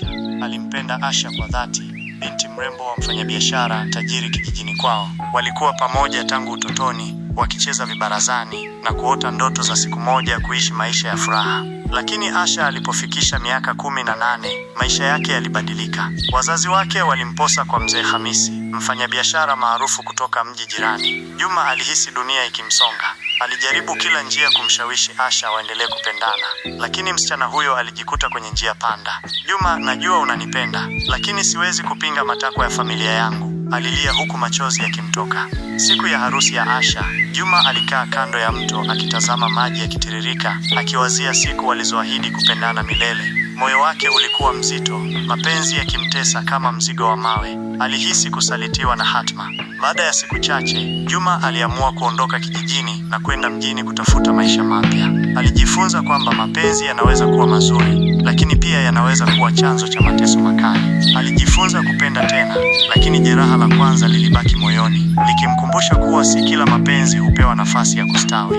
Asha. Alimpenda Asha kwa dhati, binti mrembo wa mfanyabiashara tajiri kijijini kwao. Walikuwa pamoja tangu utotoni, wakicheza vibarazani na kuota ndoto za siku moja kuishi maisha ya furaha. Lakini Asha alipofikisha miaka kumi na nane maisha yake yalibadilika. Wazazi wake walimposa kwa mzee Hamisi, mfanyabiashara maarufu kutoka mji jirani. Juma alihisi dunia ikimsonga. Alijaribu kila njia kumshawishi Asha waendelee kupendana, lakini msichana huyo alijikuta kwenye njia panda. Juma, najua unanipenda, lakini siwezi kupinga matakwa ya familia yangu, alilia huku machozi yakimtoka. Siku ya harusi ya Asha, Juma alikaa kando ya mto akitazama maji yakitiririka, akiwazia siku walizoahidi kupendana milele. Moyo wake ulikuwa mzito, mapenzi yakimtesa kama mzigo wa mawe. Alihisi kusalitiwa na hatma. Baada ya siku chache, Juma aliamua kuondoka kijijini na kwenda mjini kutafuta maisha mapya. Alijifunza kwamba mapenzi yanaweza kuwa mazuri, lakini pia yanaweza kuwa chanzo cha mateso makali. Alijifunza kupenda tena, lakini jeraha la kwanza lilibaki moyoni, likimkumbusha kuwa si kila mapenzi hupewa nafasi ya kustawi.